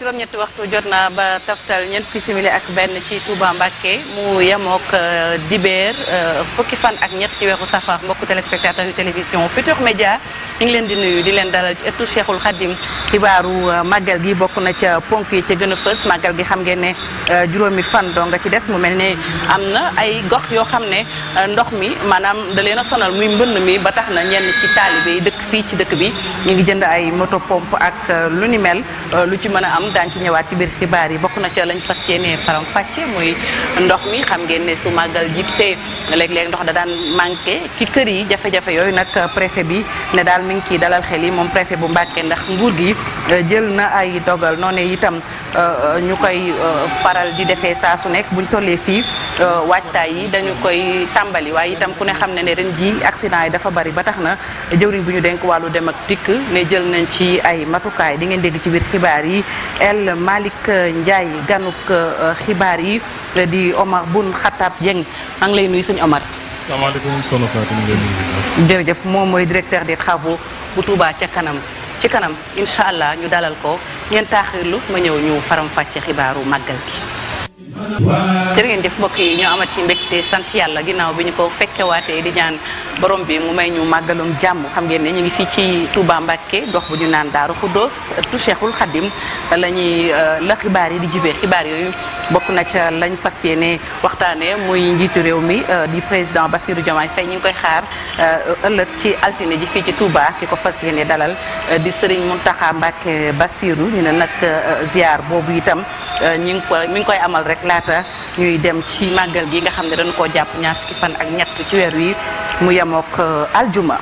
juróom-ñetti waxtu jot na ba taftal ñeent fukki simili ak benn ci Touba Mbacké mu yemook euh, dibeer euh, fukki fan ak ñett ci weeru safar mbokku téléspectateur yu télévision Futurs média ñu ngi leen di nuyu di leen dalal ci ëttu Cheikhul Khadim xibaaru euh, màggal gi bokk na ca ponk yi ca gën a fës màggal gi xam ngeen ne juróomi fan doo nga ci des mu mel ni am na ay gox yoo xam ne ndox mi maanaam da leen a sonal muy mbënn mi ba tax na ñenn ci taalibe yi dëkk fii ci dëkk bi ñu ngi jënd ay moto pompe ak lu ni ci mën a am moom daañu ci ñëwaat ci biir xibaar yi bokk na ca lañ fas yéenee faram fàcce muy ndox mi xam ngeen ne su màggal jibsee léeg-léeg ndox da daan manqué ci kër yi jafe-jafe yooyu nag préfet bi ne daal mi ngi ciy dalal xel yi moom préfet bu Mbàkke ndax nguur gi euh, jël na ay dogal noonu itam euh, euh, ñu koy faral di defee saa su nekk buñ tollee fii Euh, waajtaay yi dañu koy tàmbali waaye itam ku ne xam ne ne ren ji accident yi dafa bari ba tax na jëwriñ bu ñu denk wàllu dem ak dikk ne jël nañ ci ay matukaay di ngeen dégg ci biir xibaar yi El Malick Ndiaye ganuk euh, xibaar yi di Omar Bun xataab Dieng maa ngi lay nuyu sëñ Omar. asalaamaaleykum soxna moom mooy directeur des travaux bu Touba ca kanam ci kanam incha allah ñu dalal ko ngeen ma ñëw ñu faramfàcce xibaaru màggal gi. jërë ngeen jëf mbokk yi ñoo amati mbégte sant yàlla ginnaaw bi ñu ko waatee di ñaan borom bi mu may ñu màggalum jàmm xam ngeen ne ñu ngi fii ci Touba Mbacké gox bu ñu naan Daaru Khoudoss tu Cheikhul Khadim la ñuy la xibaar yi di jibee xibaar yooyu bokk na ca lañ fas yéene waxtaanee muy njiitu réew mi euh, di président Bassirou Diomaye Faye ñu ngi koy xaar euh, ëllëg ci altine ji fii ci Touba ki ko fas yéene dalal euh, di Serigne Mountakha Mbacké Bassirou ñu ne nag ziar boobu itam Euh, ñi ngi ko mi ngi koy amal rek laata ñuy dem ci màggal gi nga xam ne dañu koo jàpp ñaar fukki fan ak ñett ci weer wi mu yemook euh, aljuma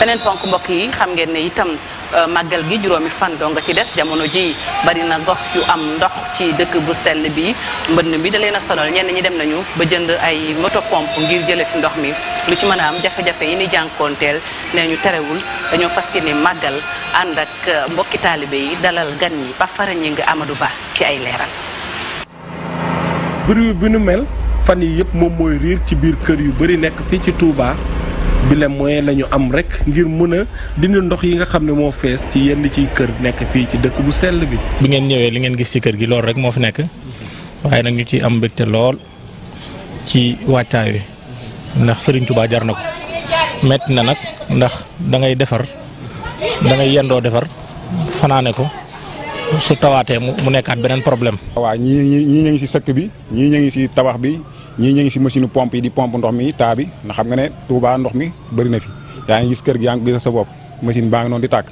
beneen ponk mbokk yi xam ngeen ne itam Euh, màggal gi juróomi fan doo nga ci des jamono ji bari na gox yu am ndox ci dëkk bu sell bi mbënn bi dalee na a ñenn ñi dem nañu ba jënd ay moto ngir jële fi ndox mi lu ci mën a am jafe-jafe yi ni jànkoonteel nee ñu terewul dañoo fas yéene màggal ànd ak euh, mbokki taalibe yi dalal gan ñi ba fara ñi nga Amadou Ba ci ay leeral bruit bi nu mel fan yi yëpp moom mooy riir ci biir kër yu bari nekk fii ci Touba bi le moyen am rek ngir mën a dindi ndox yi nga xam ne moo fees ci yenn ciy kër nekk fii ci dëkk bu sell bi. bi ngeen ñëwee li ngeen gis ci kër gi lool rek moo fi nekk waaye nag ñu ciy am mbégte lool ci wàccaay wi ndax sëriñ Touba jar na ko metti na nag ndax dangay defar dangay yendoo defar fanaane ko. su tawaatee mu nekkaat beneen problème. waaw ñii ñii ci sëkk bi ñii ñu ci tabax bi ñii ñu ngi si machine pompe yi di pompe ndox mi taa bi na xam nga ne Touba ndox mi bëri na fi yaa ngi gis kër gi yaa ngi gis sa bopp machine baa ngi noonu di tàkk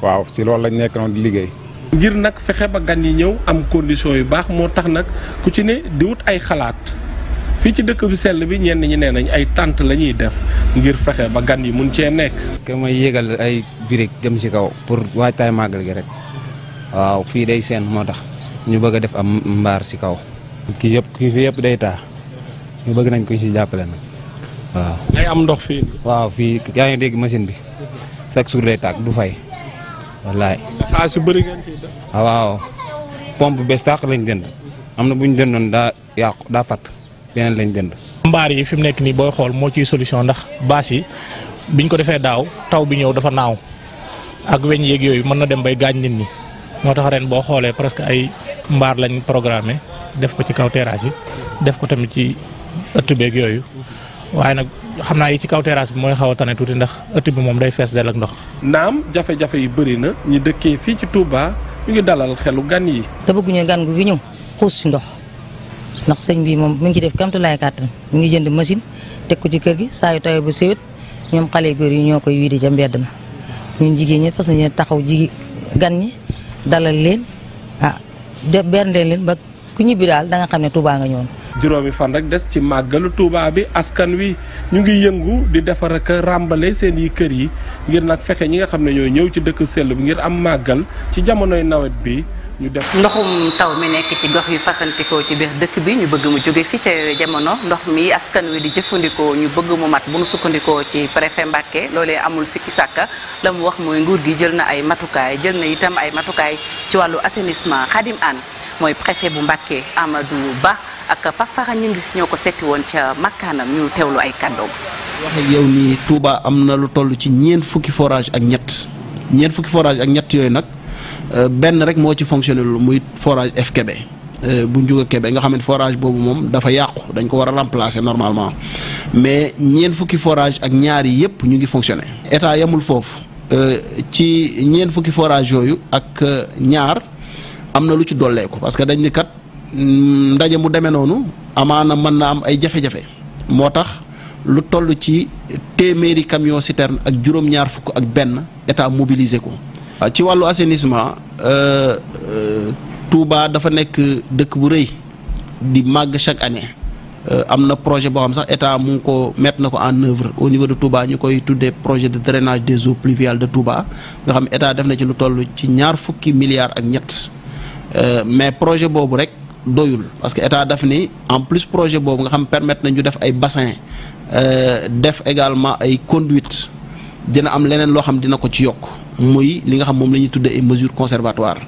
waaw si loolu lañ nekk noonu di liggéey. ngir nag fexe ba gan yi ñëw am condition yu baax moo tax nag ku ci ne di wut ay xalaat fii ci dëkk bi sell bi ñeen ñi nee nañ ay tànt lañuy def ngir fexe ba gan yi mun cee nekk. ka may yégal ay birig dem si kaw pour waajtaay màggal gi rek waaw fii day seen moo tax ñu bëgg def am mbaar si kaw. kii yëpp kii fi ñu bëgg nañ ko si jàppale nag waaw. ngay am ndox fii. waaw fii yaa ngi dégg machine bi chaque jour day tàkk du fay wallaay. xaalis yu bëri ngeen ciy def. Ah, waaw pompe bees tàq lañ jënd am na bu ñu jëndoon daa yàqu daa fàtt beneen lañ dënd mbaar yi fi mu nekk nii booy xool moo ciy solution ndax baas yi biñ ko defee daaw taw bi ñëw dafa naaw ak weñ yéeg yooyu mën na dem bay gaañ nit ñi moo tax ren boo xoolee presque ay mbaar lañ programmé def ko ci kaw terrasse yi def ko tamit ci. ëtt beeg yooyu waaye nag xam naa yi ci kaw terrasse bi mooy xaw a tane tuuti ndax ëtt bi moom day fees del ak ndox. naam jafe-jafe yi bëri na ñu dëkkee fii ci Touba ñu ngi dalal xelu gan yi. te bëgguñu gan gu fi ñëw xuus ci ndox ndax sëñ bi moom mu ngi ci def kamtulaay kàttan mi ngi jënd machine teg ko ci kër gi saa yu tawee ba séwét ñoom xale góor yi ñoo koy wiide ca mbedd ma ñun jigéen ñi fas nañu taxaw jigi gan ñi dalal leen ah def bernde leen ba ku ñibbi daal da nga xam ne Touba nga ñoon juróomi fan rek des ci màggalu Touba bi askan wi ñu ngi yëngu di defar ak ràmbale seen yi kër yi ngir nag fexe ñi nga xam ne ñooy ñëw ci dëkk sell bi ngir am màggal ci jamonoy nawet bi ñu def ndoxum taw mi nekk ci gox yu fasantikoo ci biir dëkk bi ñu bëgg mu jóge fi ca jamono ndox mi askan wi di jëfandikoo ñu bëgg mu mat bu nu sukkandikoo ci préfet Mbacké loolee amul sikki sàkka la mu wax mooy nguur gi jël na ay matukaay jël na itam ay matukaay ci wàllu assainissement Khadim Anne mooy préfet bu Mbacké Amadou Ba ak Pape Fara ñu ngi ñoo ko setti woon ca makkaanam ñu teewlu ay kàddoom. waxe yow ni Touba am na lu toll ci ñeent fukki forage ak ñett ñeent fukki forage ak ñett yooyu nag. Euh, benn rek moo ci fonctionné lu muy forage FKB euh, bu Ndiouga Kébé nga xam ne forage boobu moom dafa yàqu dañ ko war a remplacer normalement mais ñeent fukki forage ak ñaar yi yëpp ñu ngi fonctionné état yamul foofu euh, ci ñeent fukki forage yooyu ak ñaar am na lu ci dolleeku parce que dañ ni kat mm, ndaje mu demee noonu amaana mën na am ay jafe-jafe moo tax lu toll ci téeméeri camion citerne ak juróom-ñaar fukk ak benn état mobilisé ko waa ah, ci wàllu assainissement euh, euh, Touba dafa nekk dëkk bu rëy di màgg chaque année euh, am na projet boo xam sax état mu ngi ko mettre na ko en œuvre au niveau de Touba ñu koy tuddee projet de drainage des eaux pluviales de Touba nga xam état def na ci lu toll ci ñaar fukki milliards ak ñett mais projet boobu rek doyul parce que état def ni en plus projet boobu nga xam permettre na ñu def ay bassin def également ay conduite dina am leneen loo xam dina ko ci yokk muy li nga xam moom la ñuy tuddee ay mesures conservatoires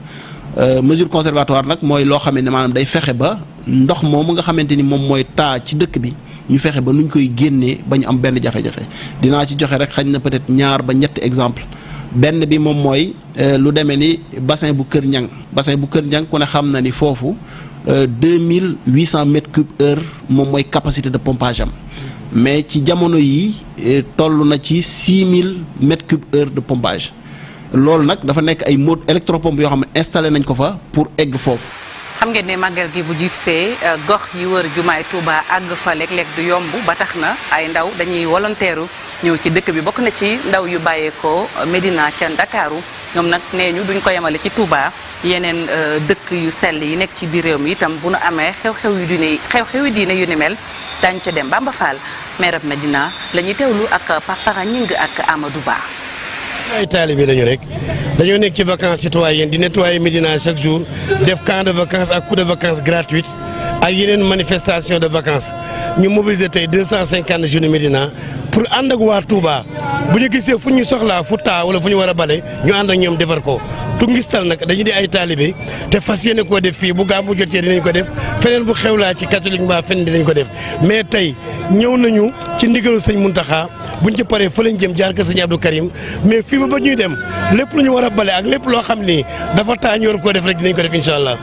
euh, mesure conservatoire nag mooy loo xam ne maanaam day fexe ba ndox mu nga xamante ni moom mooy taa ci dëkk bi ñu fexe ba nuñ koy génnee ba ñu am benn jafe-jafe dinaa ci joxe rek xañ na peut-être ñaar ba ñett exemple benn bi moom mooy euh, lu demee ni bassin bu Kër Ñang bassin bu Kër Ñang ku ne xam na ni foofu euh, deux mille huit cent mètres cubes heure moom mooy capacité de pompage am mais ci jamono yi toll na ci six mille mètres cubes de pompage loolu nag dafa nekk ay mot électropompe yoo xam ne installé nañ ko fa pour egg foofu. xam ngeen ne màggal gi bu jubsee euh, gox yi wër jumaay Touba àgg fa léeg-léeg du yomb ba tax na ay ndaw dañuy volontaire ñëw ci dëkk bi bokk na ci ndaw yu bàyyeekoo Medina ca Ndakaaru ñoom nag nee ñu duñ ko yemale ci Touba yeneen euh, dëkk yu sell yi nekk ci biir réew mi itam bu nu amee xew-xew yu diine xew-xew yu diine yu ni mel daañu ca dem Bamba Fall maire Medina la ñuy teewlu ak Pafara Ñing ak Amadou Ba. ay taalibe lañu ci vacances citoyennes di nettoyer Médina chaque jour def camp de vacances ak coup de vacances gratuite ak yeneen manifestation de vacances ñu mobiliser tey deux cent cinquante jeunes Médina pour ànd ak waa Touba bu ñu gisee fu ñu soxlaa fu taa wala fu ñu war a bale ñu ànd ak ñoom defar ko tu ngistal nag dañu di ay taalibe te fas yéene koo def fii bu gàmmu jotee dinañ ko def feneen bu laa ci catholique mbaa feneen dinañ ko def mais tey ñëw nañu ci bu buñ ci paree fa lañ jëm jaar ko sëñ Abdou Karim mais fii ba ba ñuy dem lépp lu ñu war a bale ak lépp loo xam ni dafa taa koo def rek dinañ ko def incha allah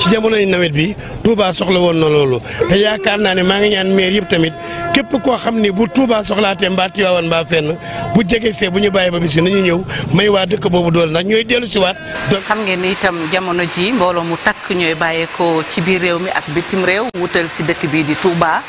ci jamonoy nawet bi Touba soxla woon na loolu te yaakaar naa ne maa ngi ñaan maire yëpp tamit képp koo xam ni bu Touba soxlaatee mbaa Tiwaawan mbaa fenn bu jege see bu ñu bàyyi ba bis bi nañu ñëw may waa dëkk boobu doole ndax ñooy dellu si waat xam ngeen ni itam jamono ji mbooloo mu takk ñooy bàyyeekoo ci biir réew mi ak bitim réew wutal si dëkk bii di Touba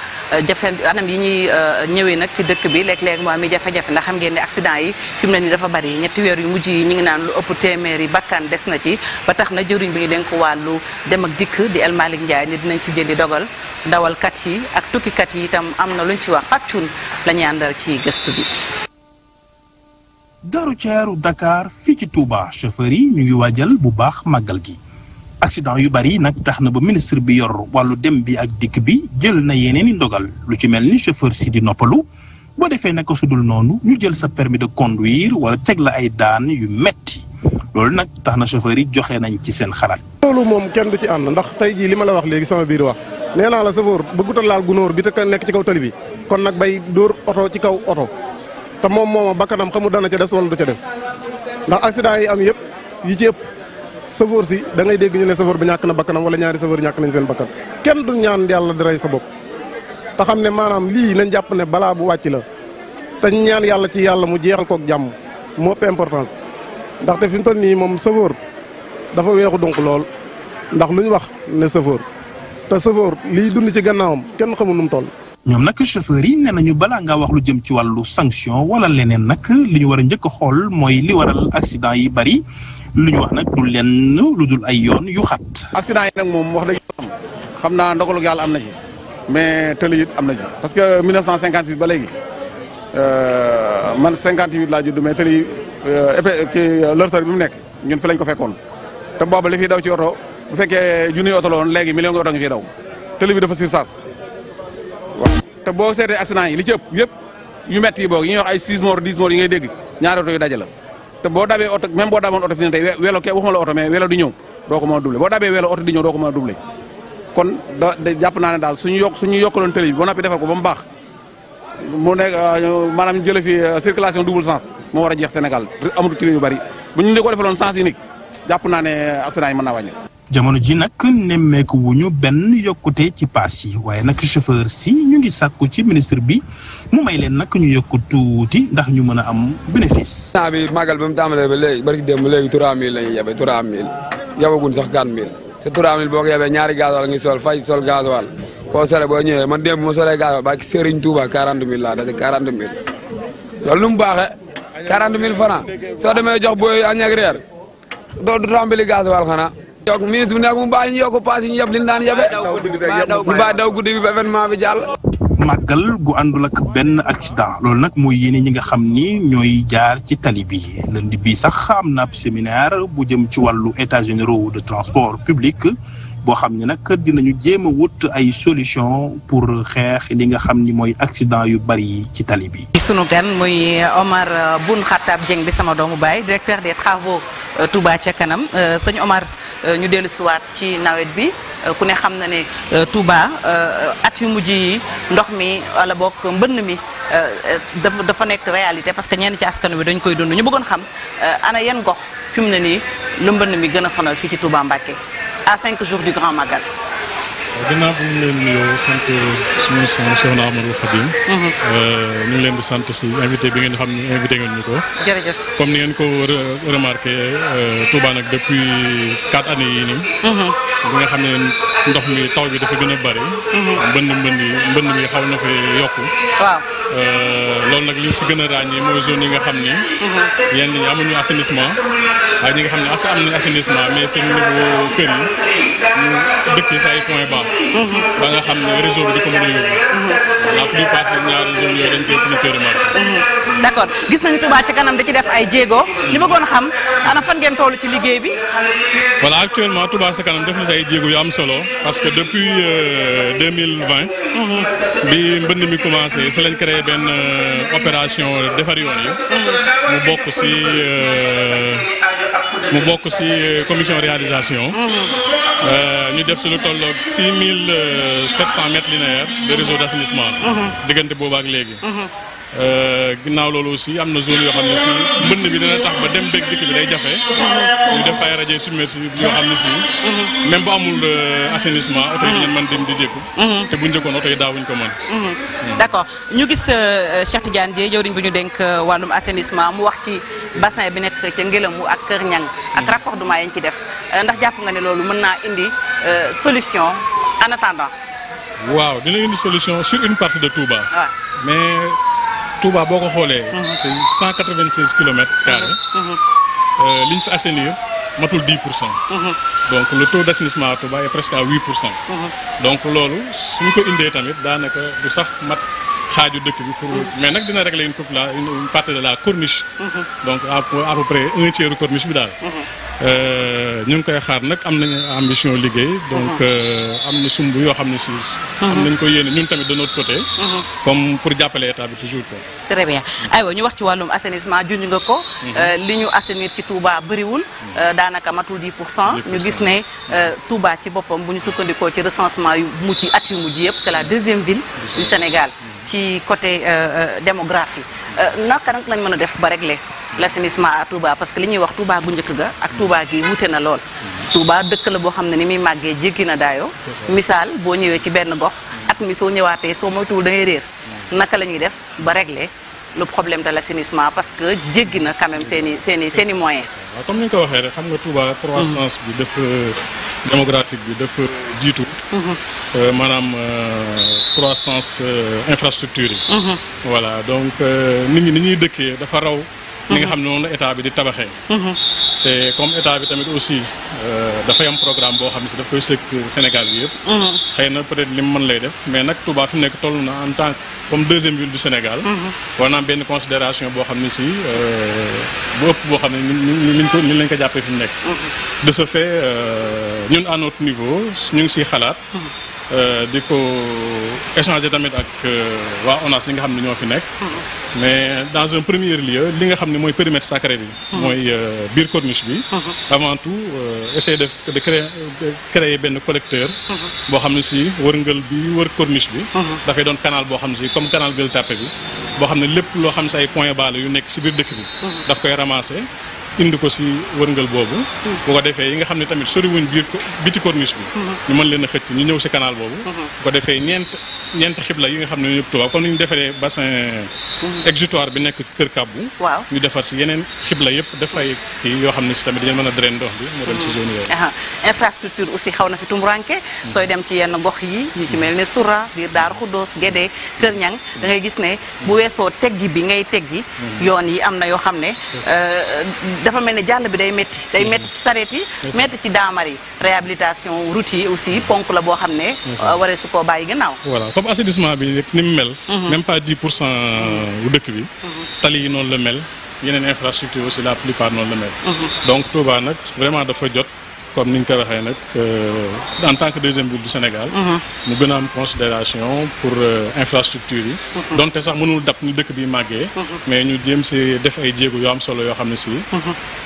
jafe anam yi ñuy euh, ñëwee nag ci dëkk bi léeg-léeg mu am i jafe-jafe ndax xam ngeen ne accident yi fi mu ne nii dafa bari ñetti weer yu mujj yi ñu ngi naan lu ëpp téeméer yi bakkan des na ci ba tax na jëriñ bi ñu dénk wàllu dem ak dikk di El Malick Ndiaye ni dinañ ci jëli dogal dawalkat yi ak tukkikat yi itam am na luñ ci wax pàccun lañu ñuy àndal ci gëstu bi garu ceeru Dakar fii ci Touba chauffeur yi ñu ngi waajal bu baax màggal gi accident yu bari nag tax na ba ministre bi yor wàllu dem bi ak dikk bi jël na yeneen i ndogal lu ci mel ni chauffeur si di noppalu boo defee naka sudul noonu ñu jël sa permis de conduire wala teg la ay daan yu metti loolu nag tax na chauffeur yi joxe nañ ci seen xalaat. loolu moom kenn du ci ànd ndax tey jii li ma la wax léegi sama biir wax nee naa la chauffeur bëggut laal gunóor bi te ka nekk ci kaw tali bi kon nag bay dóor oto ci kaw oto te moom mooma bakkanam xamu dana ca des wala du ca des ndax accident yi am yëpp yi safoor si da ngay dégg ñu ne safoor bi ñàkk na bakkanam wala ñaari safoor ñàkk nañ seen bakkan kenn du ñaan yàlla di sa bopp te xam ne maanaam lii nañ jàpp ne balaa bu wàcc la te ñaan yàlla ci yàlla mu jeexal kook jàmm moo ëpp importance ndaxte fi mu toll nii moom safoor dafa weexu donc lool ndax lu ñu wax ne safoor te safoor liy dund ci gannaawam kenn xamul nu mu toll. ñoom nag chauffeur yi nee ñu balaa ngaa wax lu jëm ci wàllu sanction wala leneen nag li ñu war a njëkk a xool mooy li waral accident yi bari lu ñu wax nag du lenn lu dul ay yoon yu xat. accident yi nag moom wax dëgg xam naa ndogalu yàlla am na mais tëli am na ci parce que 1956 ba léegi euh, man 58 laa judd mais tëli épée kii lërtër bi mu nekk ñun fi lañ ko fekkoon te booba li fiy daw ci oto bu fekkee junniy oto la woon léegi million nga oto nga fiy daw tëli bi dafa sursaas waaw te boo seetee accident yi li ci ëpp yëpp yu métti yi boog yi ñuy wax ay 6 morts 10 morts yi ngay dégg ñaari oto yu daje la. te boo dabee oto même boo daboon oto fi ne tey welo ke waxuma la oto mais welo di ñëw doo ko mën a doublé boo dabee welo oto di ñëw doo ko kon da jàpp naa ne daal suñu yokk suñu yokkaloon télé bi ba noppi defar ko ba mu baax mu nekk euh, maanaam jële fi euh, circulation double sens moo war a jeex Sénégal amatu télé yu bari bu ñu ne ko defaloon sens unique jàpp naa ne accident yi mën naa wàññi jamono ji nag nemmeeku wuñu benn yokkute ci paas yi waaye nag chauffeur si ñu ngi sàkku ci ministre bi mu may leen nag ñu yokku tuuti ndax ñu mën a am bénéfice. saa bi màggal ba mu tàmbalee ba léegi bari dem ba léegi 3000 la ñuy yebe 3000 yabagun sax 4000 te 3000 boo ko yebee ñaari gasoil ngi sol fay sol gasoil boo sore boo ñëwee man démb bu ma soree gasoil ba ci Serigne Touba 40000 laa dese 40000 loolu nu mu baaxee 40000 francs soo demee jox booy añ ak reer doo du tàmbali gasoil xanaa. yokk ministre bi nekk mu bàyyi ñu yokk paas yi ñu yëpp li ñu daan yëppee bàyyi daw guddi bi ba événement bi jàll. màggal gu àndu ak benn accident loolu nag mooy yéene ñi nga xam ni ñooy jaar ci tali bi lundi bi sax am na ab séminaire bu jëm ci wàllu états généraux de transport public boo xam ne nag dinañu jéem a wut ay solution pour xeex li nga xam ni mooy accident yu bari ci tali bi. sunu gan muy Omar Boun Khattab Dieng di sama doomu baay directeur des travaux euh, Touba ca kanam euh, sëñ Omar. Euh, ñu dellu siwaat ci nawet bi euh, ku ne xam na ne euh, Touba at yu mujj yi ndox mi wala boog mbënn mi dafa dafa nekk réalité parce que ñenn ci askan wi dañ koy dund ñu bëggoon xam ana yan gox fi mu ne nii lu mbënn mi gën a sonal fii ci Touba Mbacké à cinq jours du Grand Magal ginnaaw bu ñu leen nuyoo sant suñu sang Cheikh Ahmadou Khadim. Mhm. Euh, ñu ngi leen di sant si invité bi ngeen xam ne invité ngeen ñu ko. jërëjëf comme ni ngeen ko remarqué euh, Touba nag depuis quatre années yii nii. Mhm. bi nga xam ne ndox mi taw bi dafa gën a bëri. Mhm. mbënd mbënd yi mbënd xaw na fi yokk waaw euh, loolu nag li si gën a ràññee mooy zone yi nga xam ni. yenn ñi amuñu assainissement ak ñi nga xam ne as am nañu assainissement mais seen niveau kër yi. mu dëkkee sa ay point bas ba nga xam ne réseau bi di ko mën a yóbbu la plupart si ñaari yooyu dañ koy plus que remarqué mhm. d'accord gis nañu Touba ci kanam da ci def ay jéego li ma bëggoon xam ana fan ngeen ci liggéey bi voilà actuellement Touba sa kanam def na si ay jéego yu am solo parce que depuis 2020 euh, mhm. bi mbënd mi commencé si lañ créé benn euh, opération defar yoon yi mhm. mu bokk si euh, mu bokk si euh, commission réalisation. Mhm. Euh, ñu def si lu tolloog six mille euh, sept cent mètres linéaires de réseau d' assainissement. Mhm. diggante boobu ak léegi. Mhm. Euh, ginnaaw loolu aussi am na zone yoo xam ne si mbënd bi dina tax ba dem bëgg dikk bi day jafe ñu def ay rajo submersible yoo xam ne si mhm. même bu amul euh, assainissement oto yi ngeen mhm. mën dem di dékku mhm. te bu njëkkoon oto yi daawuñ ko mën d'accord ñu gis euh, Cheikh Tidiane Dièye jëwriñ bu ñu denk wàllum assainissement mu wax ci bassin bi nekk ca Ngelamu ak Kër Ñang ak raccordement yi ñu ci def ndax jàpp nga ne loolu mën naa indi solution en attendant waaw dina indi solution sur de Touba Touba boo ko xoolee. Mhm. c'est cent quatre vingt seize kilomètres carré. Mhm. Euh, li ñu fi assainir matul mhm. donc le taux d' assainissement à Touba est presque à huit pour cent. donc loolu su ko indee tamit daanaka du sax mat. xaaju dëkk bi pour mais nag dina régler la une partie de la corniche. donc à peu près corniche bi daal. Euh, ñu ngi koy xaar nag am na nañu ambition liggéey. donc mhm. euh, am na sumb yoo xam ne si. am nañu ko yéene ñun tamit de notre côté. Mhm. pour jàppale état bi toujours quoi. très bien ñu wax ci wàllum assainissement nga ko. Mhm. Euh, li ñu assainir ci Touba bëriwul. daanaka matul 10 pour cent. ñu gis ne tuubaa ci boppam bu ñu sukkandikoo ci recensement yu mujj at yu mujj yëpp c'est la deuxième ville du Sénégal. ci côté euh, euh, démographie euh, naka nag lañ mën a def ba régler l'assainissement à Touba parce que li ñuy wax Touba bu njëkk ga ak Touba gi wute na lool Touba dëkk la boo xam ne ni muy màggee jéggi na daayo misaal boo ñëwee ci benn gox at mi soo ñëwaatee soo moytuwul da réer naka la ñuy def ba régler le problème la l'assainissement parce que jéggi na quand même seen i seen i seen i comme ni nga ko waxee rek xam nga Touba croissance bi dafa démographique bi dafa jiitu. Mhm. Euh, maanaam euh, croissance euh, infrastructure yi. Mhm. voilà donc nit ñi ni ñuy dëkkee dafa raw. li nga mhm. xam ne noonu la état bi di tabaxee. te comme état bi tamit aussi dafay am programme boo xam ne si daf koy sëkk Sénégal bi yëpp. xëy na peut-être lim man lay def mais nag Touba fi mu nekk toll na en tant que comme deuxième ville du Sénégal. war na am benn considération boo xam ne si bu ëpp boo xam ne ni ni ko jàppee fi mu nekk. de ce fait. ñun à notre niveau ñu ngi siy xalaat. Mhm. Euh, di ko échanger tamit ak euh, waa ONAS yi nga xam ne ñoo fi nekk. Mhm. mais dans un premier lieu li nga xam ne mooy périmètre sacré bi. Mhm. mooy euh, biir corniche bi. avant tout essayer de de créer créer benn collecteur. boo xam ne si wërngël bi wër corniche bi. dafay doon canal boo xam ne si comme canal Gueule Tapée bi. boo xam ne lépp loo xam ne si ay point bala yu nekk si biir dëkk bi. daf koy ramasser. indi ko si wërngal boobu bu ko defee yi nga xam ne tamit soriwuñ biir biti corniche bi mhm. ñu mën leen a xëcc ñu ñëw si canal boobu mhm. bu ko defee ñeent xibla yi nga xam ne ñu defaree bassin mhm. exutoire bi nekk kër kàbbu waaw ñu defar si yeneen xibla yëpp dafay kii yoo xam ne si tamit dañu mën a drainer ndox bi mu dem si zone yooyu infrastructure aussi xaw na fi tumuranke sooy dem ci yenn gox yi ñu ci mel ne Soura biir Daaru Xuddoos Gédé Kër Ñang da ngay gis ne bu weesoo teggi bi ngay teggi yi na yoo xam ne euh, dafa mel ne jàll bi day métti day métti mhm. ci sareet yi métti ci daamar yi réhabilitation route yi aussi ponk la boo xam ne euh, waree su koo bàyyi gannaaw voilà comme assainissement bi ni mu mel mhm. même pas 10 pour cent mhm. u dëkk bi tali noonu la mel yeneen infrastructure aussi la plupart noonu la mel donc Touba nag vraiment dafa jot comme ni ñu ko waxee nag euh, en tant que deuxième ville du Sénégal. Mhm. mu gën a am considération pour euh, infrastructure yi. Mhm. donte sax mënul dab ñu dëkk bi màggee. Mhm. mais ñu jéem si def ay jéego yoo am solo yoo xam ne si.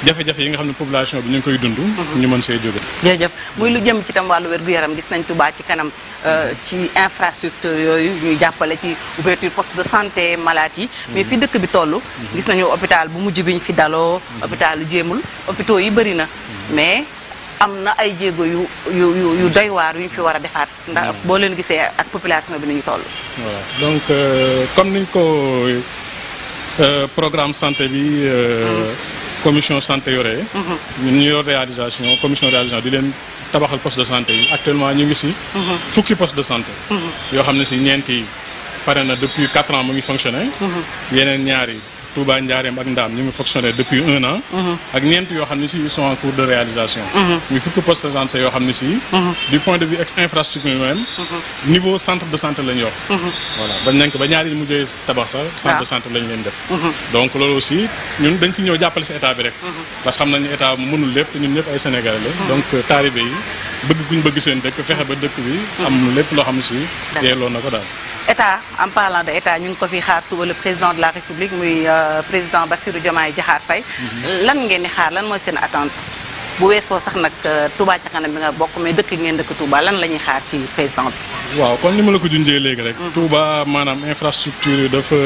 jafe-jafe yi nga xam ne population bi ñu ngi koy dund. ñu mën see jóge. jërëjëf muy lu jëm ci tam wàllu wér gu yaram gis nañ Touba ci kanam euh, ci infrastructure yooyu ñuy jàppale ci ouverture poste de santé malade yi. mais fi dëkk bi toll. gis nañu hôpital bu mujj biñ fi daloo. hôpital jéemul hôpitaux yi bëri na am na ay jéego yu yu yu doy waar yu ñu fi war a defaat. ndax hmm. boo leen gisee ak population bi nañu toll. voilà donc euh, comme niñ ko euh, programme santé bi. Euh, hmm. commission santé yore. ñun ñu yor réalisation commission réalisation di leen tabaxal poste de santé yi actuellement ñu ngi si. fukki poste de santé. yoo xam ne si ñeenti pare na depuis quatre ans mu ngi fonctionné. yeneen ñaar Touba Ndiarème ak Ndaam ñu ngi fonctionné depuis un an. Mhm. ak ñeent yoo xam ne si ils sont en cours de réalisation. ñu mhm. fukk poste de santé yoo xam ne si. Mhm. du point de vue infrastructure même. niveau centre de santé lañ yor. voilà bañ nañ ba ñaari mujjee tabax sax. centre de santé lañ def. donc loolu aussi dañ si ñëw jàppale si état bi rek. parce que xam nañu état mënul lépp ñun ñëpp ay sénégalais la. donc taalibe yi bëgg guñ bëgg seen dëkk fexe ba dëkk Euh, président Bassirou Diomaye Diakhar Faye lan ngeen di xaar lan mooy seen attente bu weesoo sax nag euh, Touba ca kanam bi nga bokk mais dëkk ngeen dëkk Touba lan la ñuy xaar ci président bi. waaw kon ni ma la ko junjee léegi rek. Mhm. maanaam infrastructure dafa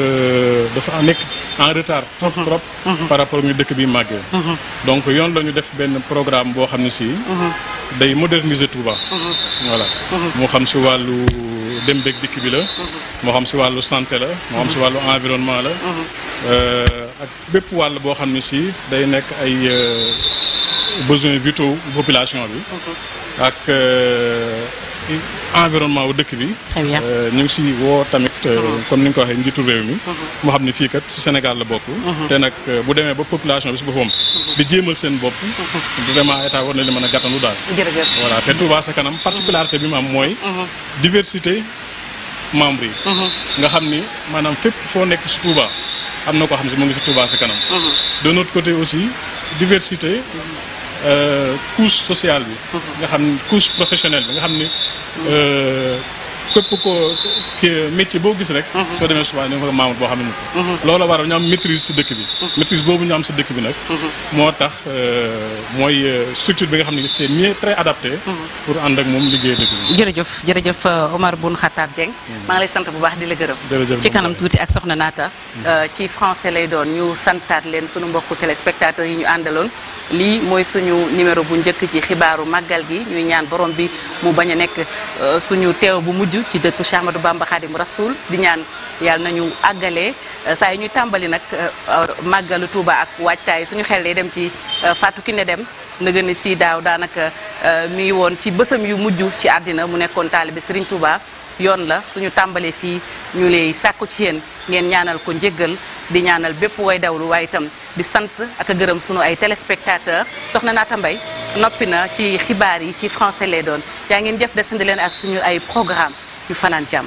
dafa nekk en retard. trop mhm. trop mhm. par rapport ñu dëkk bi màggee. donc yoon la def benn programme boo xam ne si. day moderniser Touba. voilà moo xam si wàllu. dem beeg dikk bi la. Mhm. moo xam si wàllu santé la. moo xam si wàllu mhm. environnement la. Mhm. Euh, ak bépp wàll boo xam ne si day nekk ay euh, besoins vitaux population bi. ak. Euh, environnement wu dëkk bi. Euh, ñu ngi si woo tamit. Euh, mmh. comme ni ko waxee njiitu réew mi. Mmh. mu xam ne fii kat si Sénégal la bokk. Mmh. te nag euh, bu demee ba population bi si boppam. di jéemal seen bopp. vraiment état war na li mën a gàttandu daal. jërëjëf voilà te Touba sa kanam. particularité bi mu am mooy. diversité membre yi. nga xam ni maanaam fép foo nekk si Touba am na ko xam si mu ngi si Touba sa kanam. de notre côté aussi diversité. Euh, couche sociale bi. Mhm. nga xam ne couche professionnelle bi nga xam ne. képp ko kii métier boo gis rek mhm. soo demee subaa da nga fa maamut boo xam ne ko loolu waral ñu si dëkk bi mhm. maîtrise boobu ñu si dëkk bi nag mhm. moo tax euh, mooy euh, structure bi nga xam ne c'est mieux très adapté pour ànd ak moom liggéey dëkk bi jërëjëf jërëjëf euh, Omar bu baax di la gërëm ci kanam tuuti ak soxna naata ci français lay doon ñu santaat leen suñu mbokku téléspectateurs yi ñu àndaloon lii mooy suñu numéro bu njëkk ci xibaaru màggal gi ñuy ñaan borom bi mu bañ a nekk suñu teew bu mujj ci dëkku Cheikh Ahmadou Bamba Khadim Rasoul di ñaan yàlla nañu àggale eh, saa yi ñuy tàmbali nag eh, màggalu Touba ak waajtaay suñu xel dem ci eh, Fatou ki ne dem gën a si daaw daanaka mi ngi woon ci bësëm yu mujj ci àddina mu nekkoon bi Serigne Touba yoon la suñu tàmbalee fii ñu lay sàkku ci yéen ngeen ñaanal ko njëggal di ñaanal bépp way dawlu waaye itam di sant ak a gërëm suñu ay téléspectateurs soxna Naata mbay noppi na ci xibaar yi ci français lay doon yaa ngeen jëf desandi leen ak suñu ay programme ñu fanaan jàmm.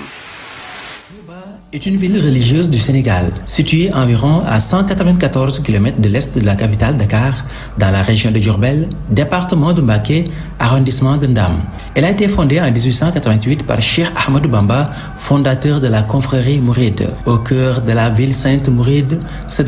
est une ville religieuse du Sénégal, située environ à 194 km de l'est de la capitale Dakar, dans la région de Diourbel, département de Mbacké, arrondissement de Ndam. Elle en 1888 par Cheikh Ahmadou Bamba, de la confrérie la ville sainte